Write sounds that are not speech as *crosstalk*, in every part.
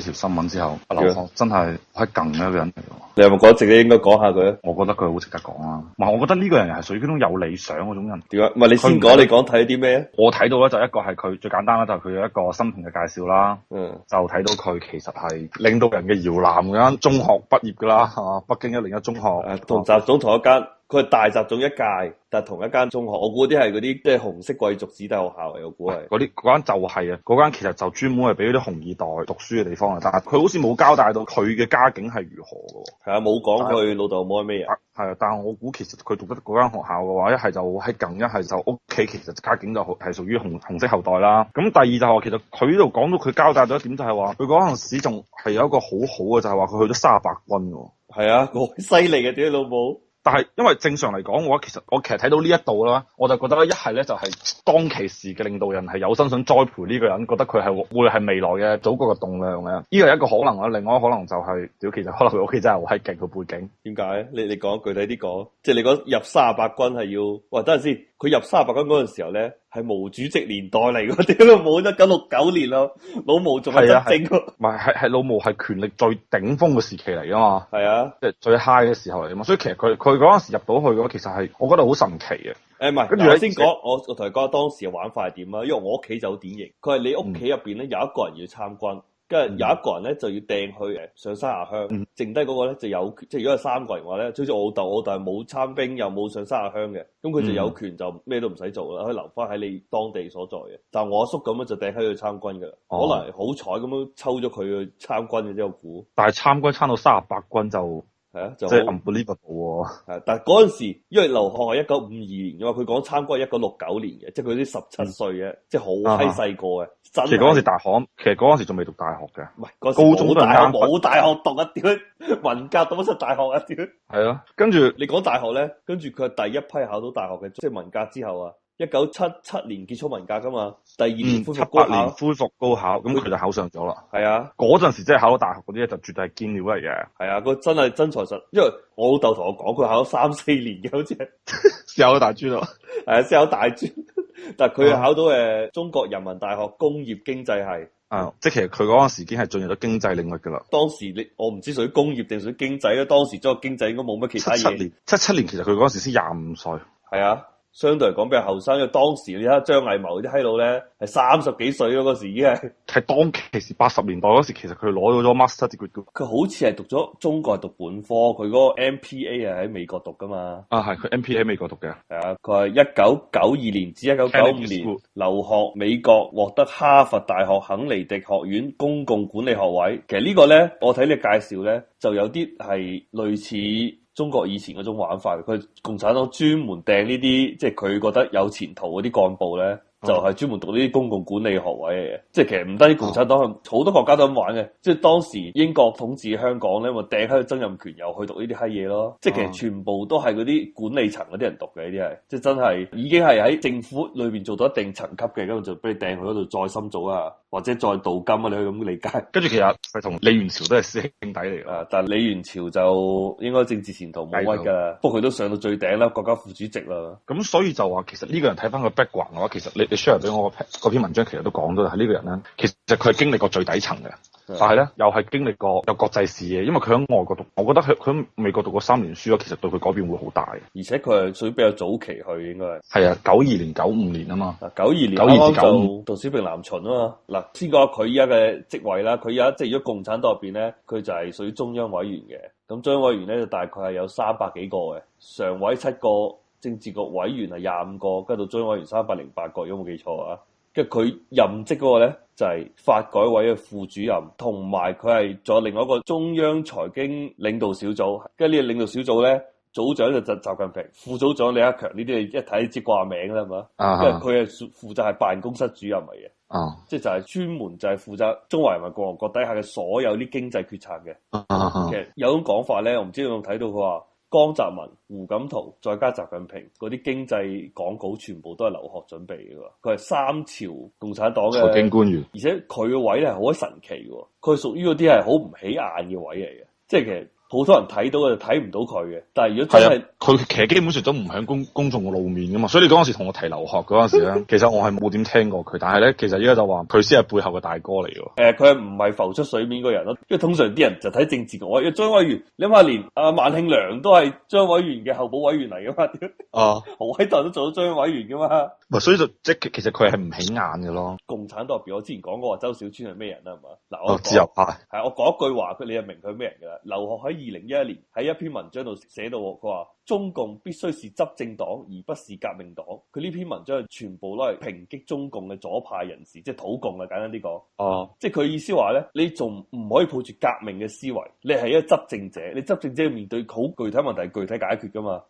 接新聞之後，阿劉鶴真係好勁嘅一個人嚟，你有冇覺得值得應該講下佢、啊？我覺得佢好值得講啊。唔，我覺得呢個人係屬於嗰種有理想嗰種人。點解？唔係你先講，你講睇啲咩？我睇到咧，就一個係佢、就是、最簡單啦，就佢有一個生平嘅介紹啦。嗯，就睇到佢其實係領導人嘅搖籃，咁中學畢業噶啦，係北京一零一中學。誒，同習總同一間。佢係大集中一屆，但同一間中學，我估啲係嗰啲即係紅色貴族子弟學校嚟，我估係。嗰啲嗰間就係啊，嗰間、就是、其實就專門係俾啲紅二代讀書嘅地方啊。但係佢好似冇交代到佢嘅家境係如何嘅。係啊，冇講佢老豆冇咩嘢。係啊，但係我估其實佢讀得嗰間學校嘅話，一係就喺近，一係就屋企其實家境就好，係屬於紅紅色後代啦。咁第二就話、是，其實佢呢度講到佢交代咗一點，就係話佢嗰陣時仲係有一個好好嘅，就係話佢去咗三十八軍嘅。係啊，好犀利嘅啲老母。係，因為正常嚟講，我其實我其實睇到呢一度啦，我就覺得一係咧就係、是、當其時嘅領導人係有心想栽培呢個人，覺得佢係會係未來嘅祖國嘅棟梁嘅。呢個係一個可能啦，另外一個可能就係，屌，其實可能佢屋企真係好閪勁，嘅背景。點解？你你講具體啲講，即係你講入卅八軍係要，喂，等陣先，佢入卅八軍嗰陣時候咧。係毛主席年代嚟噶，點都冇得九六九年咯。老毛仲係執政，唔係係係老毛係權力最頂峰嘅時期嚟啊嘛。係啊，即係最 high 嘅時候嚟啊嘛。所以其實佢佢嗰陣時入到去嘅話，其實係我覺得好神奇嘅。誒、欸，唔係，跟住先講，我我同你講下當時嘅玩法係點啊。因為我屋企就好典型，佢係你屋企入邊咧有一個人要參軍。嗯跟住、嗯、有一個人咧就要掟去上山下鄉，剩低嗰個咧就有權，即係如果係三個人話咧，最少我老豆，我老豆冇參兵又冇上山下鄉嘅，咁佢就有權、嗯、就咩都唔使做啦，可以留翻喺你當地所在嘅。但係我阿叔咁樣就掟去參軍嘅，可能好彩咁樣抽咗佢去參軍嘅呢、哦、個股。但係參軍參到三十八軍就。係啊，即係 unbelievable 係，但係嗰陣時，因為劉鶴係一九五二年嘅話，佢講參軍係一九六九年嘅，即係佢啲十七歲嘅，即係好閪細個嘅。其實嗰陣時大學，其實嗰陣時仲未讀大學嘅，唔係、啊，高中冇大學，冇大，大學讀一啲文革讀乜出、 *laughs* 啊、大學啊？係咯，跟住你講大學咧，跟住佢係第一批考到大學嘅，即係文革之後啊。一九七七年結束文革噶嘛？第二年恢復高考，嗯、七八年恢復高考，咁佢、嗯、就考上咗啦。係啊，嗰陣時即係考到大學嗰啲咧，就絕對係堅料嚟嘅。係啊，佢真係真材實，因為我老豆同我講，佢考咗三四年嘅，好似考咗大專咯，係先考大專， *laughs* 但係佢考到誒中國人民大學工業經濟系。啊，即、就、係、是、其實佢嗰陣時已經係進入咗經濟領域噶啦、嗯。當時你我唔知屬於工業定屬於經濟咧。當時即係經濟應該冇乜其他嘢。七,七七年，七七,七年其實佢嗰陣時先廿五歲。係啊。相對嚟講，比較後生，因為當時你睇下張藝謀啲閪佬咧，係三十幾歲嗰個時已經係。係當其時八十年代嗰時，其實佢攞到咗 Master Degree。佢好似係讀咗中國係讀本科，佢嗰個 M P A 係喺美國讀噶嘛？啊，係佢 M P A 美國讀嘅。係啊，佢係一九九二年至一九九五年留學美國，獲得哈佛大學肯尼迪學院公共管理學位。其實個呢個咧，我睇你介紹咧，就有啲係類似。中國以前嗰種玩法，佢共產黨專門掟呢啲，即係佢覺得有前途嗰啲幹部咧，就係、是、專門讀呢啲公共管理學位嘅。即係其實唔單止共產黨，好、嗯、多國家都咁玩嘅。即係當時英國統治香港咧，咪掟喺曾蔭權又去讀呢啲閪嘢咯。即係其實全部都係嗰啲管理層嗰啲人讀嘅呢啲係，即係真係已經係喺政府裏邊做到一定層級嘅，咁就俾你掟去嗰度再深造啊。或者再鍍金啊，你去咁理解。跟住其實係同李元朝都係師兄兄弟嚟咯。啊，但李元朝就應該政治前途冇乜噶，的不過佢都上到最頂啦，國家副主席啦。咁所以就話，其實呢個人睇翻個 background 嘅話，其實你你 share 俾我篇文章其，其實都講咗啦。呢個人咧，其實佢係經歷過最底層嘅。但係咧，又係經歷過有國際事嘅，因為佢喺外國讀，我覺得佢佢喺美國讀過三年書啊，其實對佢改變會好大。而且佢係屬於比較早期去嘅，係啊，九二 *laughs* 年、九五年啊嘛。嗱 92 年，九二至九五，鄧小平南巡啊嘛。嗱，先講佢依家嘅職位啦。佢依家即係如果共產黨入邊咧，佢就係屬於中央委員嘅。咁中央委員咧就大概係有三百幾個嘅，常委七個，政治局委員係廿五個，跟住到中央委員三百零八個，如果冇記錯啊。跟佢任職嗰個咧就係、是、發改委嘅副主任，同埋佢係仲有另外一個中央財經領導小組。跟住呢個領導小組咧，組長就習習近平，副組長李克強，呢啲係一睇即掛名啦嘛。啊、uh，huh。因為佢係負責係辦公室主任嚟嘅。啊、uh，即、huh。係就係專門就係負責中華人民共和國底下嘅所有啲經濟決策嘅。啊啊、uh，huh。其實有種講法咧，我唔知你有冇睇到佢話。江澤民、胡錦濤，再加習近平，嗰啲經濟講稿全部都係留學準備嘅喎。佢係三朝共產黨嘅財經官員，而且佢嘅位咧係好神奇嘅。佢係屬於嗰啲係好唔起眼嘅位嚟嘅，即係其實。好多人睇到嘅就睇唔到佢嘅，但係如果真係佢其實基本上都唔響公公眾嘅露面噶嘛，所以你嗰陣時同我提劉鶴嗰陣時咧， *laughs* 其實我係冇點聽過佢，但係咧其實而家就話佢先係背後嘅大哥嚟喎。誒、呃，佢唔係浮出水面個人咯，因為通常啲人就睇政治嘅。我張委員，你諗下連阿、啊、萬慶良都係張委員嘅候補委員嚟噶嘛？啊，洪偉德都做到張委員噶嘛？唔係、啊，所以就即係其實佢係唔起眼嘅咯。共產代表，我之前講過，周小川係咩人啦？係嘛？嗱、啊，我自由派係我講一句話，佢你就明佢咩人㗎啦。劉鶴喺二零一一年喺一篇文章度寫到，佢話中共必須是執政黨，而不是革命黨。佢呢篇文章全部都係抨擊中共嘅左派人士，即係土共嘅。簡單啲講，哦，即係佢意思話咧，你仲唔可以抱住革命嘅思維，你係一個執政者，你執政者要面對好具體問題，具體解決噶嘛。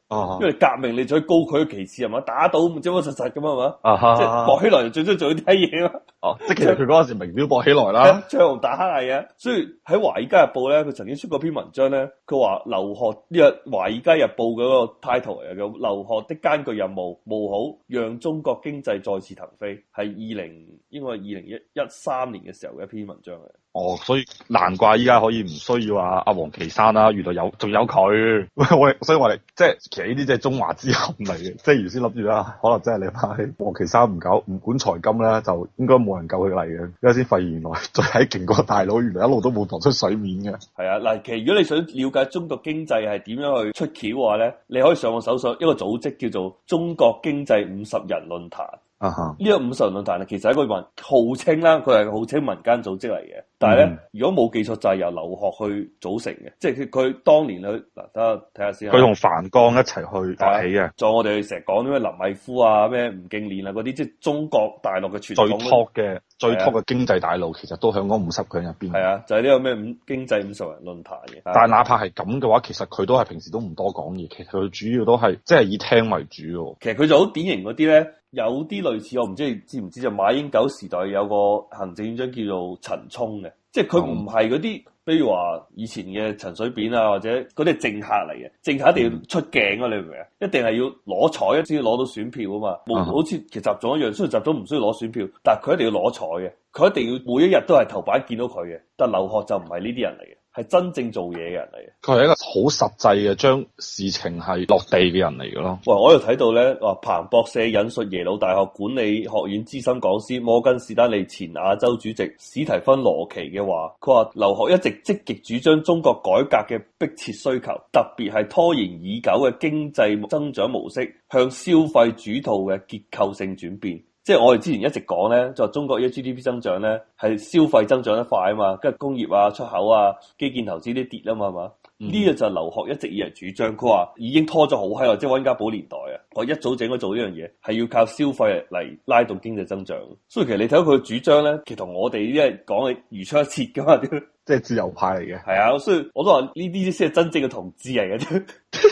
因為革命你再高佢嘅歧視係嘛？打倒咁真真實實咁係嘛？啊哈，即係薄熙來最終做啲咩嘢啦？哦，即係其實佢嗰陣時明表薄熙來啦，仗打黑嘅。所以喺《華爾街日報》咧，佢曾經出過篇文章咧。佢話劉鶴《日華爾街日報》嘅個 title 嚟嘅，劉鶴的艱巨任務務好，讓中國經濟再次騰飛，係二零應該係二零一一三年嘅時候嘅一篇文章嚟。哦，所以難怪依家可以唔需要話阿王岐山啦，啊，原來有仲有佢，我 *laughs* 哋所以我哋即係其實呢啲 *laughs* 即係中華之鶴嚟嘅，即係原先諗住啦，可能真係你派王岐山唔夠唔管財金咧，就應該冇人救佢嚟嘅，而家先發現原來最勁個大佬，原來一路都冇浮出水面嘅。係啊，嗱，其實如果你想了解中國經濟係點樣去出橋嘅話咧，你可以上網搜索一個組織叫做中國經濟五十人論壇。啊呢個五十人論壇咧，其實係一個民號稱啦，佢係號稱民間組織嚟嘅。但係咧，嗯、如果冇記錯，就係由劉鶴去組成嘅，即係佢當年去，嗱，得睇下先。佢同樊綱一齊去發起嘅。再我哋成日講啲咩林毅夫啊、咩吳敬璉啊嗰啲，即係中國大陸嘅傳統。最 top 嘅的的最 top 嘅經濟大佬，其實都喺嗰五十強入邊。係啊，就係呢個咩五經濟五十人，就是，人論壇嘅。但係哪怕係咁嘅話，其實佢都係平時都唔多講嘢，其實佢主要都係即係以聽為主。其實佢就好典型嗰啲咧。有啲類似，我唔知你知唔知就馬英九時代有個行政院長叫做陳沖嘅，即係佢唔係嗰啲，比如話以前嘅陳水扁啊，或者嗰啲政客嚟嘅，政客一定要出鏡啊，你明唔明啊？一定係要攞彩一先攞到選票啊嘛，冇好似其實習總一樣，雖然習總唔需要攞選票，但係佢一定要攞彩嘅，佢一定要每一日都係頭版見到佢嘅，但係劉鶴就唔係呢啲人嚟嘅。係真正做嘢嘅人嚟嘅，佢係一個好實際嘅，將事情係落地嘅人嚟嘅咯。喂，我又睇到咧，話彭博社引述耶魯大學管理學院資深講師摩根士丹利前亞洲主席史提芬羅奇嘅話，佢話劉鶴一直積極主張中國改革嘅迫切需求，特別係拖延已久嘅經濟增長模式向消費主導嘅結構性轉變。即係我哋之前一直講咧，就中國啲 GDP 增長咧係消費增長得快啊嘛，跟住工業啊、出口啊、基建投資啲跌啊嘛，係嘛？呢個就係劉鶴一直以嚟主張，佢話已經拖咗好閪耐，即係温家寶年代啊，我一早整咗做呢樣嘢，係要靠消費嚟拉動經濟增長。所以其實你睇到佢嘅主張咧，其實同我哋呢啲講嘅如出一轍噶嘛，點即係自由派嚟嘅？係啊，所以我都話呢啲先係真正嘅同志嚟嘅。 *laughs*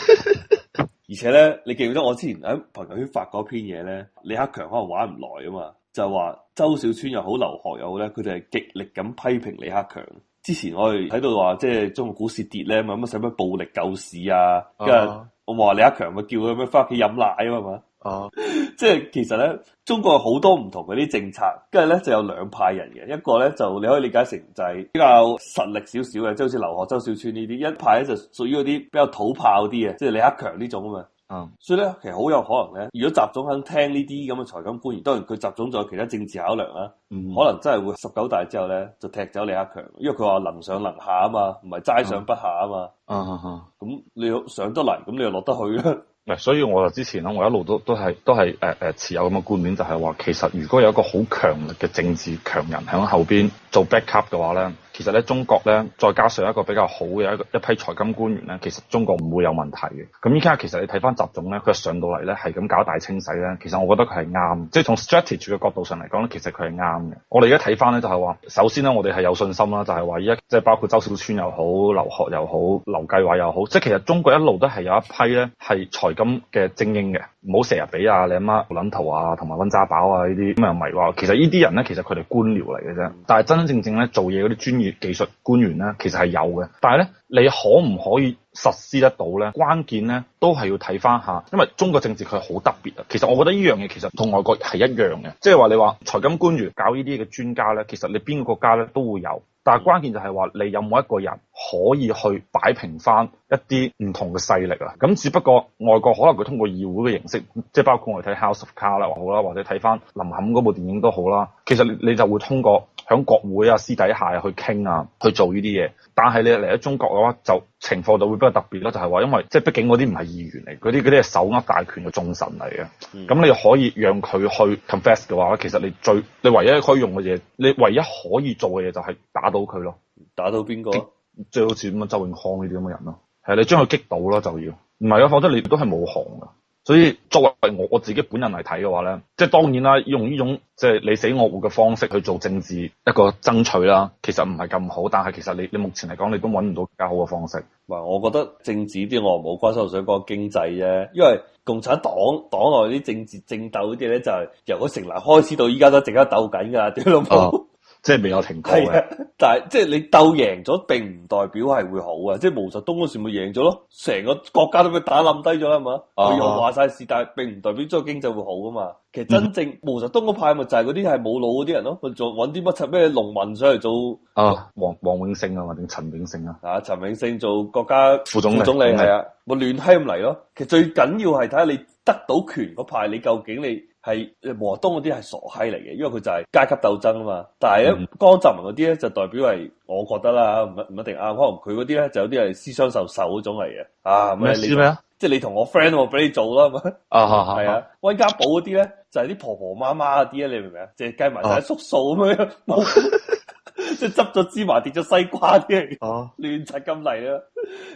而且咧，你記唔記得我之前喺朋友圈發過篇嘢咧？李克強可能玩唔耐啊嘛，就話、是、周小川又好，劉鶴又好咧，佢哋係極力咁批評李克強。之前我哋喺度話，即、就、係、是、中國股市跌咧，咁啊使乜暴力救市啊？跟住、uh huh. 我話李克強咪叫佢咩翻屋企飲奶啊嘛～哦，uh, 即係其實咧，中國有好多唔同嗰啲政策，跟住咧就有兩派人嘅，一個咧就你可以理解成就係比較實力少少嘅，即係好似劉鶴周小川呢啲，一派咧就屬於嗰啲比較土炮啲嘅，即係李克強呢種啊嘛。嗯，uh, 所以咧其實好有可能咧，如果習總肯聽呢啲咁嘅財金官員，當然佢習總仲有其他政治考量啦，um, 可能真係會十九大之後咧就踢走李克強，因為佢話能上能下啊嘛，唔係齋上不下啊嘛。咁、uh, uh, uh, uh, 你上得嚟，咁你又落得去所以我就之前咧，我一路都是都係都係持有咁嘅觀點，就係話，其實如果有一個好強力嘅政治強人喺後邊做 backup 嘅話咧。其實咧，中國咧，再加上一個比較好嘅一一批財金官員咧，其實中國唔會有問題嘅。咁依家其實你睇翻習總咧，佢上到嚟咧，係咁搞大清洗咧。其實我覺得佢係啱，即係從 strategy 嘅角度上嚟講咧，其實佢係啱嘅。我哋而家睇翻咧，就係話，首先咧，我哋係有信心啦，就係話而家即係包括周小川又好，劉鶴又好，劉繼華又好，即係其實中國一路都係有一批咧係財金嘅精英嘅。唔好成日比啊！你阿媽冧頭啊，同埋溫炸飽啊！呢啲咁又唔係話，其實呢啲人咧，其實佢哋官僚嚟嘅啫。但係真真正正咧，做嘢嗰啲專業技術官員咧，其實係有嘅。但係咧，你可唔可以實施得到咧？關鍵咧，都係要睇翻下，因為中國政治佢係好特別啊。其實我覺得呢樣嘢其實同外國係一樣嘅，即係話你話財金官員搞呢啲嘅專家咧，其實你邊個國家咧都會有。但係關鍵就係話，你有冇一個人可以去擺平翻一啲唔同嘅勢力啊？咁只不過外國可能佢通過議會嘅形式，即係包括我哋睇 House of Cards 啦，好啦，或者睇翻林肯嗰部電影都好啦。其實你你就會通過。喺國會啊，私底下啊，去傾啊，去做呢啲嘢。但係你嚟咗中國嘅話，就情況就會比較特別咯。就係話，因為即係畢竟嗰啲唔係議員嚟，嗰啲嗰啲係手握大權嘅重臣嚟嘅。咁、嗯、你可以讓佢去 confess 嘅話，其實你最你唯一可以用嘅嘢，你唯一可以做嘅嘢就係打，打到佢咯、啊。打到邊個？最好似咁啊，周永康呢啲咁嘅人咯、啊。係你將佢擊倒咯，就要。唔係啊，否則你都係冇行噶。所以作為我我自己本人嚟睇嘅話咧，即係當然啦，用呢種即係、就是、你死我活嘅方式去做政治一個爭取啦，其實唔係咁好。但係其實你你目前嚟講，你都揾唔到更好嘅方式。唔係，我覺得政治啲我冇關心，我想講經濟啫。因為共產黨黨內啲政治政鬥啲咧，就係由嗰成立開始到依家都一直喺度鬥緊㗎，屌老母、uh huh. *laughs* 即係未有停過，但係即係你鬥贏咗，並唔代表係會好啊！即係毛澤東嗰時咪贏咗咯，成個國家都俾打冧低咗啦，係嘛？佢、啊啊、又話晒事，但係並唔代表中國經濟會好噶嘛。其實真正毛澤東嗰派咪就係嗰啲係冇腦嗰啲人咯，佢做揾啲乜柒咩農民上嚟做啊？王王永盛啊，或者陳永盛啊？啊，陳永盛做國家副總理係啊，咪亂閪咁嚟咯。其實最緊要係睇下你得到權嗰派，你究竟你。係毛澤東嗰啲係傻閪嚟嘅，因為佢就係階級鬥爭啊嘛。但係咧，嗯、江澤民嗰啲咧就代表係，我覺得啦，唔一唔一定啱。可能佢嗰啲咧就有啲係私相授受嗰種嚟嘅。啊，咩私咩啊？即係你同我 friend 我俾你做啦，係咪？啊係啊。温、啊啊、家寶嗰啲咧就係、是、啲婆婆媽媽嗰啲啊，你明唔明啊？即係計埋晒縮數咁樣。啊啊啊即係執咗芝麻跌咗西瓜嘅，亂柒咁嚟啦！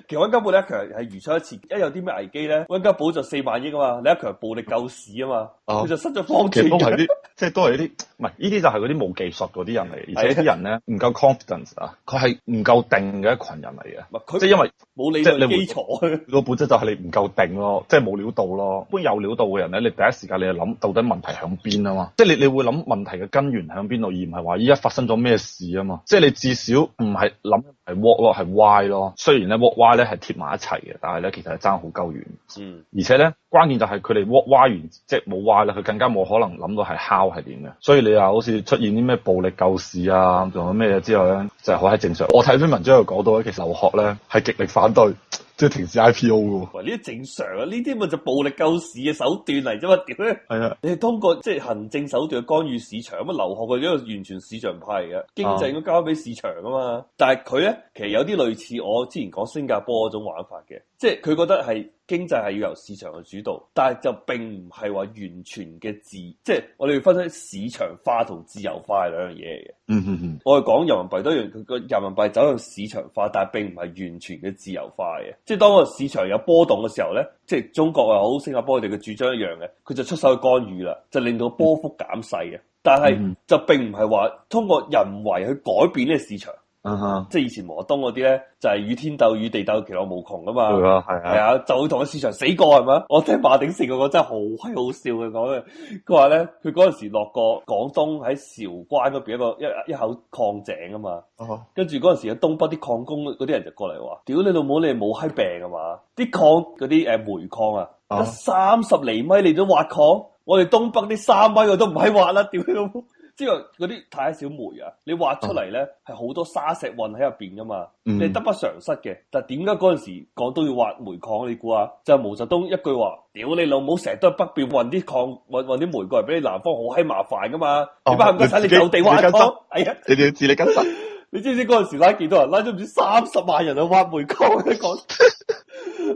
其實溫家寶李克強係如出一轍。一有啲咩危機咧，溫家寶就四萬億啊嘛，李克強暴力救市啊嘛，佢就失咗方寸。啊、方都係啲 *laughs* 即係都係啲唔係呢啲就係嗰啲冇技術嗰啲人嚟，而且啲人咧唔夠 confidence 啊，佢係唔夠定嘅一群人嚟嘅。唔但他 即係因為冇理論為基礎。佢個本質就係你唔夠定咯，即係冇料到咯。一般有料到嘅人咧，你第一時間你就諗到底問題響邊啊嘛，即係你你會諗問題嘅根源響邊度，而唔係話依家發生咗咩事啊嘛。即係你至少唔係諗係 what 咯，係 why 咯。雖然咧 what why 咧係貼埋一齊嘅，但係咧其實係爭好鳩遠。嗯，而且咧關鍵就係佢哋 what why 完即係冇 why 啦，佢更加冇可能諗到係 how 係點嘅。所以你話好似出現啲咩暴力救市啊，仲有咩嘢之後咧，就係好喺正常。我睇篇文章又講到咧，其實劉鶴咧係極力反對。即係停止 IPO 嘅喎，呢啲正常啊，呢啲咪就暴力救市嘅手段嚟啫嘛？屌咧？係啊，你係通過即係、就是、行政手段去干預市場，咁啊劉鶴嘅呢個完全市場派嚟嘅，經濟應該交俾市場啊嘛。啊但係佢咧，其實有啲類似我之前講新加坡嗰種玩法嘅，即係佢覺得係。經濟係要由市場去主導，但係就並唔係話完全嘅自，即係我哋要分析市場化同自由化係兩樣嘢嘅。嗯哼，我哋講人民幣都一樣，佢個人民幣走向市場化，但係並唔係完全嘅自由化嘅。即係當個市場有波動嘅時候咧，即係中國又好，新加坡佢哋嘅主張一樣嘅，佢就出手去干預啦，就令到波幅減細嘅。 *laughs* 但係就並唔係話通過人為去改變呢個市場。嗯、uh huh. 即係以前和東嗰啲咧，就係、是、與天鬥與地鬥其樂無窮噶嘛，係啊，係啊，啊，就會同個市場死過係嘛？我聽馬鼎盛講真係好閪好笑嘅講，佢話咧，佢嗰陣時落過廣東喺韶關嗰邊一個一一口礦井啊嘛，uh huh. 跟住嗰陣時有東北啲礦工嗰啲人就過嚟話，屌、uh huh. 你老母你冇閪病係、啊、嘛？啲礦嗰啲誒煤礦啊，得三十厘米你都挖礦，我哋東北啲三米我都唔閪挖啦、啊，屌你老母！即係嗰啲太小煤啊，你挖出嚟咧，係好多砂石混喺入邊噶嘛，你得不償失嘅。但點解嗰陣時廣東要挖煤礦？你估啊？就毛澤東一句話，屌你老母，成日都喺北邊運啲礦，運運啲煤過嚟俾你南方，好閪麻煩噶嘛！點解唔夠使你走地挖礦？哎呀！你哋要自力更生。你知唔知嗰陣時拉幾多人？拉咗唔知三十萬人去挖煤礦咧，講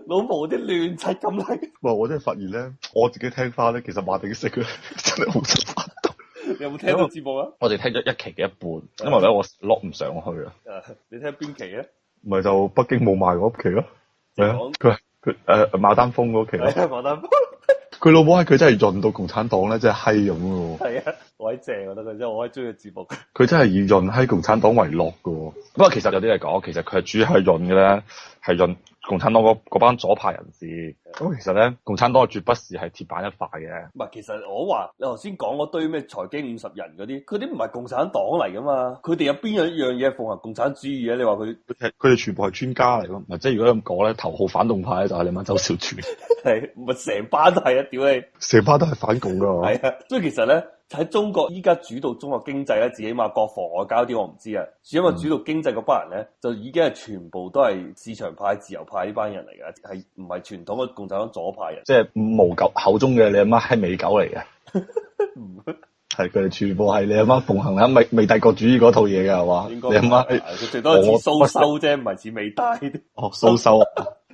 老毛啲亂柒咁嚟。唔係，我真係發現咧，我自己聽翻咧，其實話定識咧，真係好你有冇聽過節目啊？我哋聽咗一期嘅一半，因為咧我落唔上去啊。你聽邊期咧？咪就北京霧霾嗰期咯，係啊說。佢佢誒，馬丹峰嗰期馬丹峰，佢 *laughs* 老婆係佢真係潤到共產黨咧，真係嗨咁噶喎。係啊，我好正啊，覺得佢 *laughs* 真係我最中意節目。佢真係以潤嗨共產黨為樂噶，不過 *laughs* 其實有啲嚟講，其實佢係主要係潤嘅咧，係潤。共產黨嗰班左派人士，咁其實咧，共產黨絕不是係鐵板一塊嘅。唔係，其實我話你頭先講嗰堆咩財經五十人嗰啲，佢啲唔係共產黨嚟㗎嘛？佢哋有邊有一樣嘢符合共產主義啊？你話佢佢哋全部係專家嚟咯？唔係，即係如果你咁講咧，頭號反動派就係你問周小川，係唔係成班都係一屌你，成 *laughs* 班都係反共㗎嘛，啊？係啊 *laughs* 所以其實咧。喺中國依家主導中國經濟咧，自己起碼國防外交啲我唔知啊。主因為主導經濟嗰班人咧，就已經係全部都係市場派、自由派呢班人嚟嘅，係唔係傳統嘅共產黨左派人？即係毛狗口中嘅你阿媽係美狗嚟嘅，係佢哋全部係你阿媽奉行緊美美帝國主義嗰套嘢嘅係嘛？應該你阿媽，你媽最多似蘇修啫，唔係似美帝。哦，蘇修。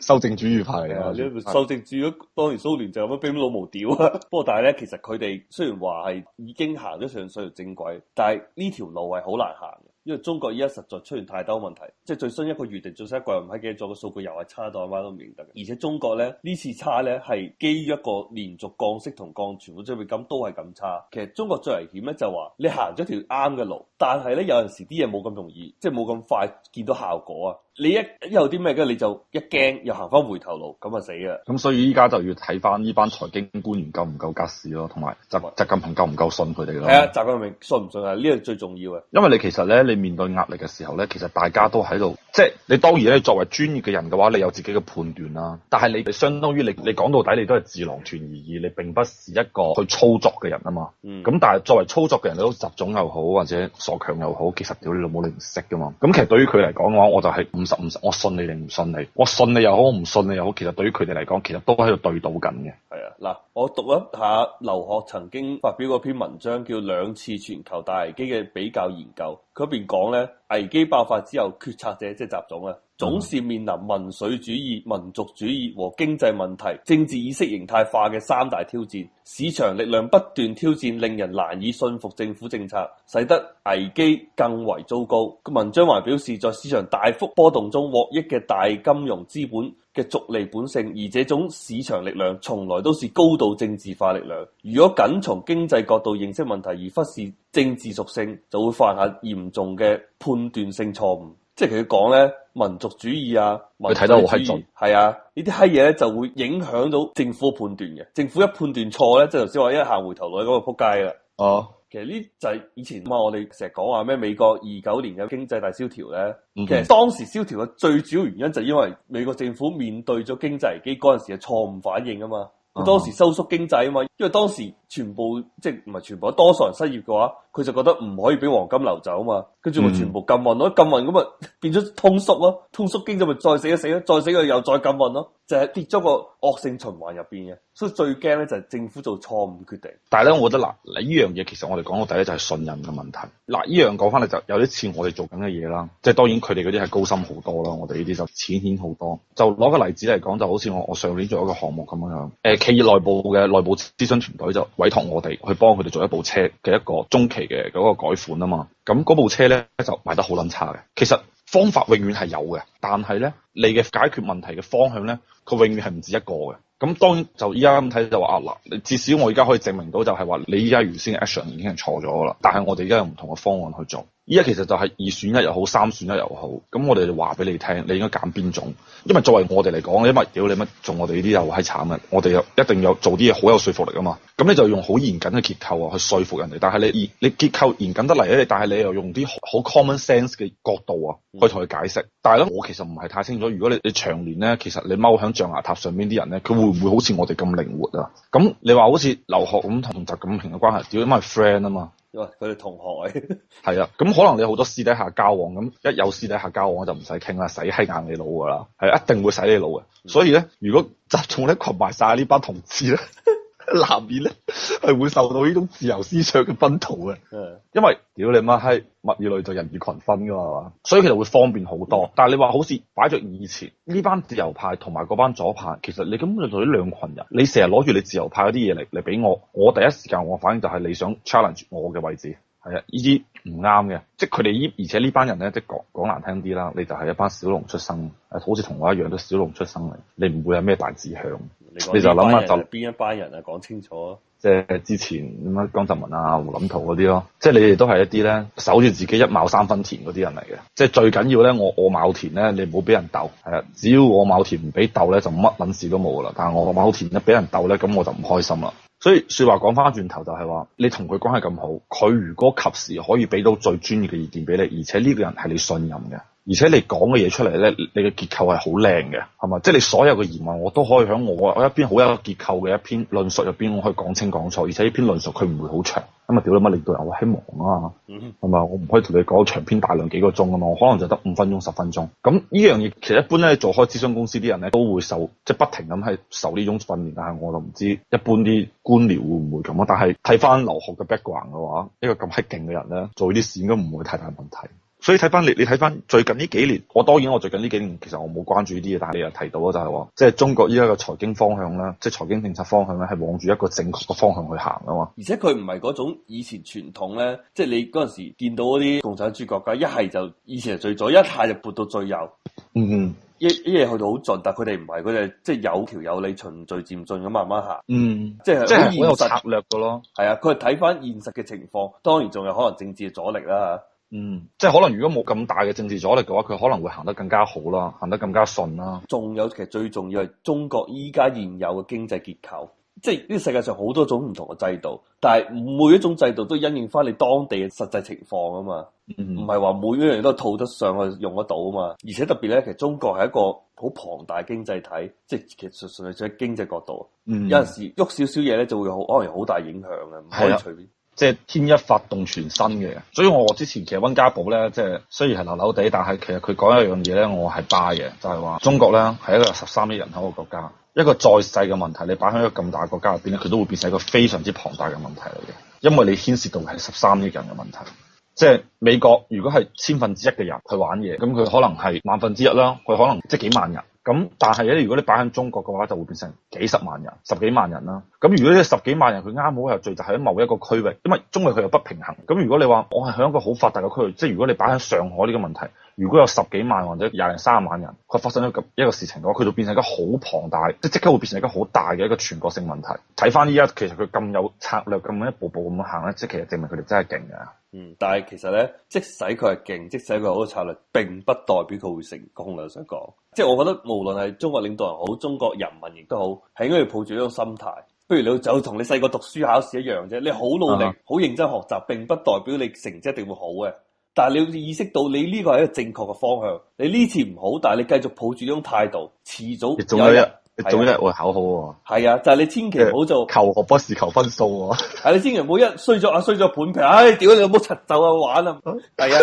修正主義派啊！的的修正主義當然蘇聯就有乜兵荒馬亂啊！ *laughs* 不過但係咧，其實佢哋雖然話係已經行咗上上條正軌，但係呢條路係好難行嘅，因為中國依家實在出現太多問題，即係最新一個月定最新一季月唔係幾好，數個數據又係差到阿媽都唔認得。而且中國咧呢次差咧係基於一個連續降息同降息存款準備金都係咁差。其實中國最危險咧就話、是、你行咗條啱嘅路，但係咧有陣時啲嘢冇咁容易，即係冇咁快見到效果啊！你一有啲咩嘅你就一驚，又行翻回頭路，咁啊死啊！咁所以依家就要睇翻呢班財經官員夠唔夠格市咯，同埋習習近平夠唔夠信佢哋啦？係啊，習近平信唔信啊？呢個最重要嘅。因為你其實咧，你面對壓力嘅時候咧，其實大家都喺度，即係你當然咧，作為專業嘅人嘅話，你有自己嘅判斷啦、啊。但係你相當於你，你講到底，你都係智囊團而已，你並不是一個去操作嘅人啊嘛。嗯。咁但係作為操作嘅人，你都習種又好或者索強又好，其實屌你老母你唔識噶嘛。咁其實對於佢嚟講嘅話，我就係。五十五十，我信你定唔信你，我信你又好，我唔信你又好，其實對於佢哋嚟講，其實都喺度對賭緊嘅。係啊，嗱，我讀一下劉鶴曾經發表嗰篇文章，叫《兩次全球大危機嘅比較研究》，佢邊講咧，危機爆發之後，決策者即係習總啊。總是面臨民粹主義、民族主義和經濟問題、政治意識形態化嘅三大挑戰。市場力量不斷挑戰，令人難以信服政府政策，使得危機更為糟糕。文章還表示，在市場大幅波動中獲益嘅大金融資本嘅逐利本性，而這種市場力量從來都是高度政治化力量。如果僅從經濟角度認識問題，而忽視政治屬性，就會犯下嚴重嘅判斷性錯誤。即係佢講咧民族主義啊，睇得好義係啊，呢啲閪嘢咧就會影響到政府判斷嘅。政府一判斷錯咧，即係頭先話一下回頭路嗰、那個撲街啦。哦，其實呢就係以前嘛，我哋成日講話咩美國二九年有經濟大蕭條咧，嗯、哼其實當時蕭條嘅最主要原因就係因為美國政府面對咗經濟危機嗰陣時嘅錯誤反應啊嘛。佢當時收縮經濟啊嘛，因為當時全部即係唔係全部，多數人失業嘅話，佢就覺得唔可以俾黃金流走啊嘛，跟住咪全部禁運咯，禁運咁咪變咗通縮咯，通縮經濟咪再死一死咯，再死佢又再禁運咯，就係跌咗個惡性循環入邊嘅。所以最驚咧就係政府做錯誤決定，但係咧，我覺得嗱，呢樣嘢其實我哋講到第一就係信任嘅問題。嗱，呢樣講翻嚟就有啲似我哋做緊嘅嘢啦，即係當然佢哋嗰啲係高深好多啦，我哋呢啲就淺顯好多。就攞個例子嚟講，就好似我我上年做一個項目咁樣樣，誒、呃，企業內部嘅內部諮詢團隊就委託我哋去幫佢哋做一部車嘅一個中期嘅嗰個改款啊嘛。咁、嗯、嗰部車咧就賣得好撚差嘅。其實方法永遠係有嘅，但係咧，你嘅解決問題嘅方向咧，佢永遠係唔止一個嘅。咁當然就而家咁睇就話啊，至少我而家可以證明到就係話你而家原先嘅 action 已經係錯咗噶啦。但係我哋而家有唔同嘅方案去做。依家其實就係二選一又好，三選一又好，咁我哋就話俾你聽，你應該揀邊種？因為作為我哋嚟講，因為屌你乜做我哋呢啲又係慘嘅，我哋又一定有做啲嘢好有說服力啊嘛。咁你就用好嚴謹嘅結構啊，去說服人哋。但係你你結構嚴謹得嚟咧，但係你又用啲好 common sense 嘅角度啊，去同佢解釋。嗯、但係咧，我其實唔係太清楚。如果你你長年咧，其實你踎喺象牙塔上邊啲人咧，佢會唔會好似我哋咁靈活啊？咁你話好似劉鶴咁同習近平嘅關係，屌因為 friend 啊嘛？佢哋同學嚟， *laughs* 係啊，咁可能你好多私底下交往，咁一有私底下交往就唔使傾啦，洗閪硬你腦噶啦，係一定會洗你腦嘅，嗯、所以咧，如果集中咧群埋晒呢班同志咧。 *laughs* 南面咧，係會受到呢種自由思想嘅熏陶啊！嗯，因為屌你媽閪，物以類聚，人以群分噶嘛，係嘛，所以其實會方便好多。但係你話好似擺着以前呢班自由派同埋嗰班左派，其實你根本就屬呢兩群人。你成日攞住你自由派嗰啲嘢嚟嚟俾我，我第一時間我反應就係你想 challenge 我嘅位置，係啊，呢啲唔啱嘅。即係佢哋而且呢班人咧，即係講講難聽啲啦，你就係一班小龍出生，好似同我一樣都小龍出生嚟，你唔會有咩大志向。你就諗下，就邊一班人啊講清楚，即係之前乜江澤民啊、胡錦濤嗰啲咯，即係你哋都係一啲咧守住自己一畝三分田嗰啲人嚟嘅，即係最緊要咧，我我畝田咧，你唔好俾人鬥，係啊，只要我畝田唔俾鬥咧，就乜捻事都冇噶啦。但係我畝田一俾人鬥咧，咁我就唔開心啦。所以說話講返轉頭，就係話你同佢關係咁好，佢如果及時可以俾到最專業嘅意見俾你，而且呢個人係你信任嘅。而且你講嘅嘢出嚟咧，你嘅結構係好靚嘅，係嘛？即係你所有嘅疑問，我都可以喺我我一邊好有結構嘅一篇論述入邊，我可以講清講楚。而且呢篇論述佢唔會好長，咁啊，屌你媽！你都有嘢忙啊，係嘛？我唔可以同你講長篇大量幾個鐘啊，我可能就得五分鐘、十分鐘。咁呢樣嘢其實一般咧做開諮詢公司啲人咧都會受即係不停咁係受呢種訓練，但係我就唔知一般啲官僚會唔會咁咯。但係睇翻留學嘅 background 嘅話，一個咁閪勁嘅人咧，做呢啲事應該唔會太大問題。所以睇翻你，你睇翻最近呢幾年，我當然我最近呢幾年其實我冇關注啲嘢，但係你又提到啊，就係話，即係中國依家嘅財經方向啦，即係財經政策方向咧，係往住一個正確嘅方向去行啊嘛。而且佢唔係嗰種以前傳統咧，即係你嗰陣時見到嗰啲共產主義國家，一係就以前係最左，一下就撥到最右，嗯嗯，一一嘢去到好盡，但佢哋唔係，佢哋即係有條有理循序漸進咁慢慢行，嗯，即係即係好有策略嘅咯。係啊，佢係睇翻現實嘅情況，當然仲有可能政治嘅阻力啦。嗯，即係可能如果冇咁大嘅政治阻力嘅話，佢可能會行得更加好啦，行得更加順啦、啊。仲有其實最重要係中國依家現有嘅經濟結構，即係呢世界上好多種唔同嘅制度，但係每一種制度都因應翻你當地嘅實際情況啊嘛，唔係話每一樣嘢都套得上去用得到啊嘛。而且特別咧，其實中國係一個好龐大經濟體，即係其實純粹喺經濟角度，嗯、有陣時喐少少嘢咧就會好，可能好大影響嘅，唔可以隨便。即係天一發動全身嘅，所以我之前其實溫家寶咧，即係雖然係流流地，但係其實佢講一樣嘢咧，我係 buy 嘅，就係話中國咧係一個十三億人口嘅國家，一個再細嘅問題，你擺喺一個咁大國家入邊咧，佢都會變成一個非常之龐大嘅問題嚟嘅，因為你牽涉到係十三億人嘅問題。即係美國如果係千分之一嘅人去玩嘢，咁佢可能係萬分之一啦，佢可能即係幾萬人。咁，但係咧，如果你擺喺中國嘅話，就會變成幾十萬人、十幾萬人啦。咁如果呢十幾萬人佢啱好係聚集喺某一個區域，因為中國佢又不平衡。咁如果你話我係喺一個好發達嘅區域，即係如果你擺喺上海呢個問題，如果有十幾萬或者廿零、三十萬人，佢發生咗咁一個事情嘅話，佢就變成一個好龐大，即即刻會變成一個好大嘅一個全國性問題。睇翻依家，其實佢咁有策略，咁一步步咁樣行咧，即係其實證明佢哋真係勁嘅。嗯，但係其實咧，即使佢係勁，即使佢好多策略，並不代表佢會成功啦。我想講，即係我覺得無論係中國領導人好，中國人民亦都好，係應該要抱住呢種心態。不如你就同你細個讀書考試一樣啫，你好努力，好、啊、哈 認真學習，並不代表你成績一定會好嘅。但係你要意識到你呢個係一個正確嘅方向，你呢次唔好，但係你繼續抱住呢種態度，遲早有一你做有一會考好喎、啊，係啊，就係、是、你千祈唔好做求學不是求分數喎、啊，係 *laughs* 你千祈唔好一衰咗、哎、啊衰咗盤皮，唉，屌你老母柒就啊玩啊！係啊，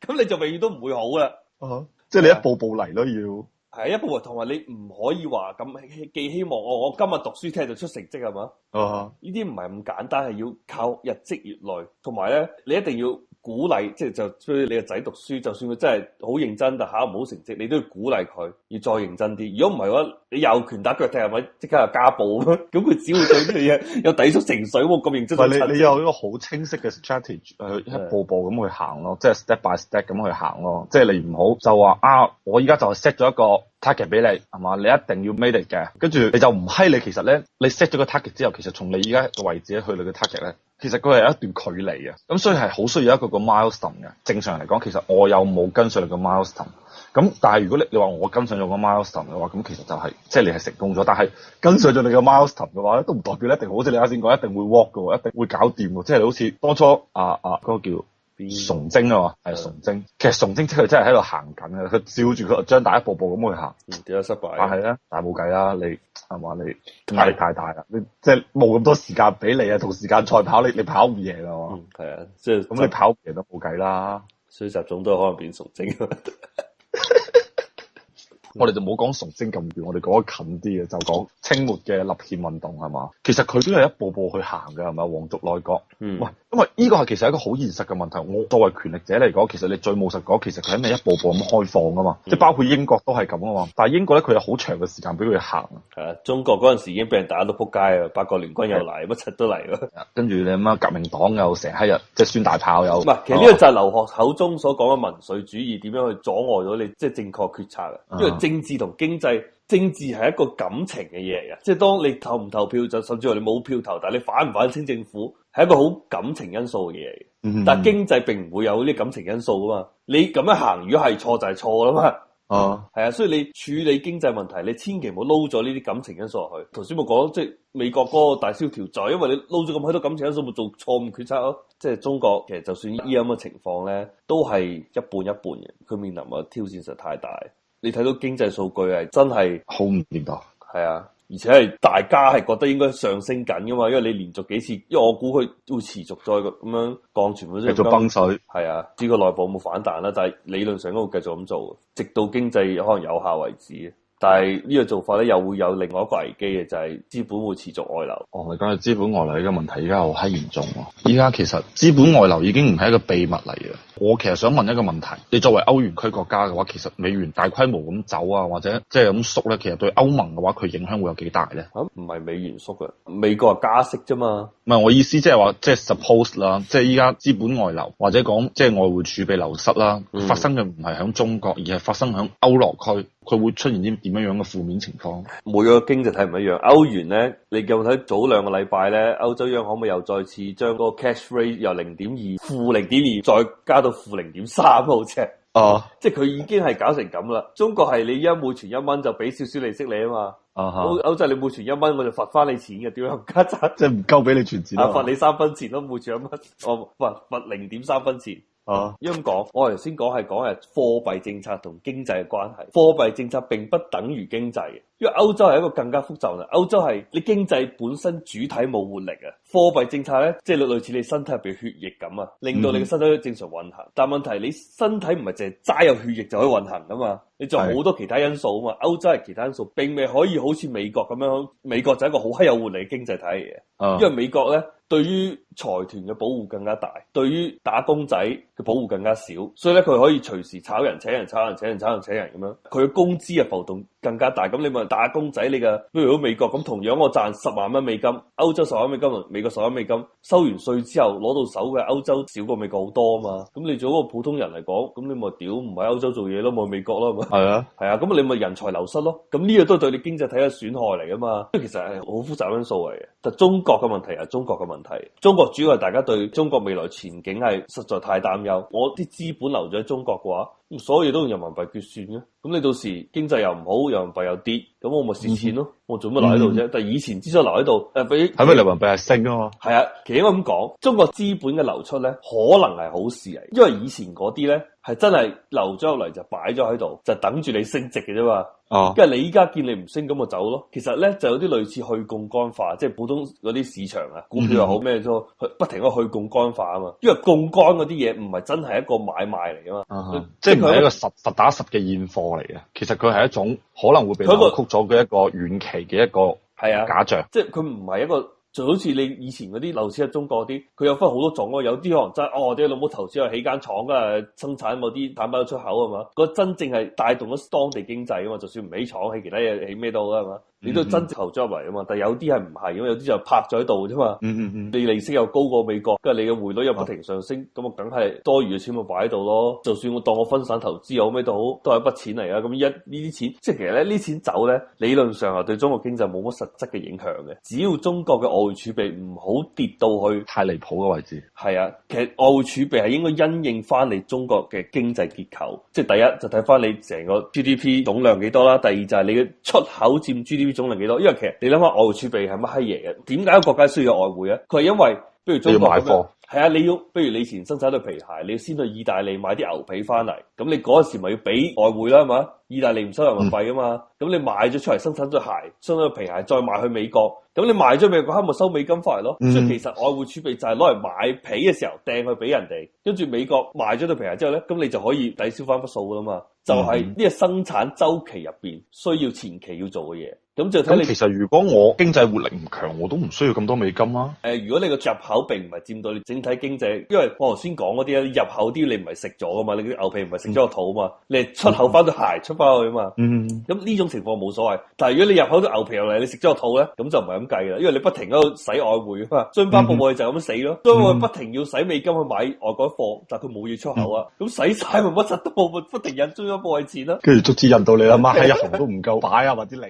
咁、啊、 *laughs* 你就永遠都唔會好噶、啊，即係你一步步嚟咯要，係、啊啊、一步步同埋你唔可以話咁寄希望我我今日讀書聽日就出成績係嘛，哦，呢啲唔係咁簡單，係要靠日積月累，同埋咧你一定要。鼓勵即係就，所以你個仔讀書，就算佢真係好認真，就考唔好成績，你都要鼓勵佢，要再認真啲。如果唔係嘅話，你有拳打腳踢，係咪即刻又家暴？咁 *laughs* 佢只會對呢啲嘢有抵觸情緒，冇咁認真。唔係 *laughs* 你，你有呢個好清晰嘅 strategy，去 *laughs* 一步步咁去行咯，即係 step by step 咁去行咯。即係你唔好就話啊，我而家就 set 咗一個 target 俾你，係嘛，你一定要 made 嘅。跟住你就唔係你，其實咧，你 set 咗個 target 之後，其實從你而家嘅位置去你嘅 target 咧。其實佢係一段距離啊，咁所以係好需要一個個 milestone 嘅。正常嚟講，其實我有冇跟上你個 milestone？咁但係如果你你話我跟上咗個 milestone 嘅話，咁其實就係、是、即係你係成功咗。但係跟上咗你個 milestone 嘅話咧，都唔代表一定好似你啱先講，一定會 work 嘅喎，一定會搞掂喎，即係好似當初啊啊嗰、那個叫。崇禎啊嘛，係的崇禎。其實崇禎即係真係喺度行緊啊，佢照住佢張大一步步咁去行。點解、嗯、失敗、啊？但係咧，但係冇計啦，你係嘛，你壓太 力太大啦。你即係冇咁多時間俾你啊，同時間賽跑，你你跑唔贏啊嘛。係啊、嗯，即係咁你跑唔贏都冇計啦。所以習總、啊、都可能變崇禎。 *laughs* 嗯、我哋就冇講崇禎咁遠，我哋講近啲嘅，就講清末嘅立憲運動係嘛，其實佢都係一步步去行嘅，係咪？皇族內閣，嗯，喂，因為呢個係其實一個好現實嘅問題，我作為權力者嚟講，其實你最務實講，其實佢係咪一步步咁開放噶嘛？即係、嗯、包括英國都係咁啊嘛，但係英國咧，佢有好長嘅時間俾佢行。係啊，中國嗰陣時已經被人打到撲街啊，八國聯軍又嚟，乜柒的都嚟咯，跟住你諗下，革命黨又成日喺日即係孫大炮又唔係，其實呢個就劉鶴口中所講嘅民粹主義點樣去阻礙咗你即係、就是、正確決策嘅，政治同經濟，政治係一個感情嘅嘢嚟嘅，即係當你投唔投票就甚至乎你冇票投，但係你反唔反清政府係一個好感情因素嘅嘢嚟。但係經濟並唔會有呢啲感情因素啊嘛。你咁樣行，如果係錯就係錯啦嘛。哦、啊，係啊、嗯，所以你處理經濟問題，你千祈唔好撈咗呢啲感情因素落去。頭先我講即係美國嗰個大蕭條就因為你撈咗咁多感情因素，咪做錯誤決策咯。即係中國其實就算依樣咁嘅情況咧，都係一半一半嘅，佢面臨嘅挑戰實太大。你睇到經濟數據係真係好唔掂啊，係啊，而且係大家係覺得應該上升緊噶嘛，因為你連續幾次，因為我估佢會持續再咁樣降，全部都繼續崩水，係啊，至於個內部冇反彈啦，但係理論上都會繼續咁做，直到經濟可能有效為止。但係呢個做法咧，又會有另外一個危機嘅，就係、是、資本會持續外流。我哋講嘅資本外流呢個問題、啊，而家好閪嚴重喎。而家其實資本外流已經唔係一個秘密嚟嘅。我其實想問一個問題，你作為歐元區國家嘅話，其實美元大規模咁走啊，或者即係咁縮咧，其實對歐盟嘅話，佢影響會有幾大咧？唔係、啊、美元縮嘅，美國啊加息啫嘛。唔係我意思，即、就、係、是、話即係 suppose 啦，即係依家資本外流，或者講即係外匯儲備流失啦，嗯、發生嘅唔係響中國，而係發生響歐羅區，佢會出現啲點樣樣嘅負面情況？每個經濟體唔一樣，歐元咧，你有冇睇早兩個禮拜咧？歐洲央行咪又再次將嗰個 cash rate 由零點二負零點二再加到負零點三毫尺哦，啊、即係佢已經係搞成咁啦。中國係你依家每存一蚊就俾少少利息你啊嘛，歐歐洲你每存一蚊我就罰翻你錢嘅，點樣加增？即係唔夠俾你存錢、啊，罰你三分錢囉每存一蚊，我罰罰零點三分錢。啊，咁講，我頭先講係講係貨幣政策同經濟嘅關係，貨幣政策並不等於經濟。因為歐洲係一個更加複雜嘅，歐洲係你經濟本身主體冇活力啊，貨幣政策咧，即係類似你身體入邊血液咁啊，令到你嘅身體正常運行。但問題你身體唔係淨係齋有血液就可以運行噶嘛，你仲好多其他因素啊嘛。歐洲係其他因素並未可以好似美國咁樣，美國就係一個好稀有活力嘅經濟體嚟嘅，因為美國咧對於財團嘅保護更加大，對於打工仔嘅保護更加少，所以咧佢可以隨時炒人請人炒人請人炒人請人咁樣，佢嘅工資啊浮動。更加大咁，你咪打工仔你，你嘅譬如喺美國咁，同樣我賺十萬蚊美金，歐洲十萬美金，美國十萬美金，收完稅之後攞到手嘅歐洲少過美國好多啊嘛，咁你做一個普通人嚟講，咁你咪屌唔喺歐洲做嘢咯，冇美國咯，係啊的，係啊，咁你咪人才流失咯，咁呢樣都係對你經濟體嘅損害嚟噶嘛，即其實係好、哎、複雜因素嚟嘅，但中國嘅問題係中國嘅問題，中國主要係大家對中國未來前景係實在太擔憂，我啲資本留咗喺中國嘅話。所以都用人民幣結算嘅，咁你到時經濟又唔好，人民幣又跌。咁我咪蝕錢咯，嗯、我做乜留喺度啫？嗯、但係以前之所以留喺度，誒俾係咪嚟？人民幣係升啊嘛。係啊，其實應該咁講，中國資本嘅流出咧，可能係好事嚟，因為以前嗰啲咧係真係流咗入嚟就擺咗喺度，就等住你升值嘅啫嘛。哦、啊，跟住你依家見你唔升咁咪走咯。其實咧就有啲類似去槓桿化，即係普通嗰啲市場啊，股票又好咩、嗯、都，不停去去槓桿化啊嘛。因為槓桿嗰啲嘢唔係真係一個買賣嚟啊嘛，以即係佢係一個實實打實嘅現貨嚟嘅。其實佢係一種可能會被扭做嘅一個遠期嘅一個假象，啊、即係佢唔係一個就好似你以前嗰啲樓市喺中國啲，佢有分好多種喎，有啲可能真係哦，啲老母投資去起間廠啊，生產某啲產品出口啊嘛，個真正係帶動咗當地經濟啊嘛，就算唔起廠，起其他嘢起咩都好係嘛。你都真投 job 嚟啊嘛，但係有啲係唔係，因為有啲就拍咗喺度啫嘛。嗯嗯嗯，你利息又高過美國，跟住你嘅匯率又不停上升，咁啊梗係多餘嘅錢咪擺喺度咯。就算我當我分散投資又好咩都好，都係一筆錢嚟啊。咁一呢啲錢，即係其實咧呢啲錢走咧，理論上係對中國經濟冇乜實質嘅影響嘅。只要中國嘅外匯儲備唔好跌到去太離譜嘅位置，係啊，其實外匯儲備係應該因應翻你中國嘅經濟結構，即係第一就睇翻你成個 GDP 總量幾多啦，第二就係你嘅出口占 GDP。總量係幾多？因為其實你諗下，外匯儲備係乜閪嘢嘅？點解國家需要外匯咧？佢係因為，不如中國咁樣，係啊，你要，不如你前生產對皮鞋，你要先去意大利買啲牛皮翻嚟，咁你嗰時咪要俾外匯啦，係嘛？意大利唔收人民幣噶嘛，咁、嗯、你買咗出嚟生產咗鞋，生產咗皮鞋再賣去美國，咁你賣咗美國，佢咪收美金翻嚟咯？嗯、所以其實外匯儲備就係攞嚟買皮嘅時候掟去俾人哋，跟住美國賣咗對皮鞋之後咧，咁你就可以抵消翻筆數噶嘛？嗯、就係呢個生產周期入邊需要前期要做嘅嘢，咁就睇你、嗯。其實如果我經濟活力唔強，我都唔需要咁多美金啊。誒、呃，如果你個入口並唔係佔到你整體經濟，因為我頭先講嗰啲咧，入口啲你唔係食咗噶嘛，你啲牛皮唔係食咗個肚啊嘛，嗯、你係出口翻對鞋出鞋。出翻去嘛，咁呢、嗯、種情況冇所謂。但係如果你入口都牛皮嚟，你食咗個肚咧，咁就唔係咁計啦。因為你不停喺度洗外匯啊嘛，津巴布韋就咁死咯。所以我不停要洗美金去買外國貨，但係佢冇要出口啊，咁洗晒咪乜柒都冇，不停引資金入位錢啦。跟住逐次印到你啦，買一行都唔夠，啊，擺啊或者零。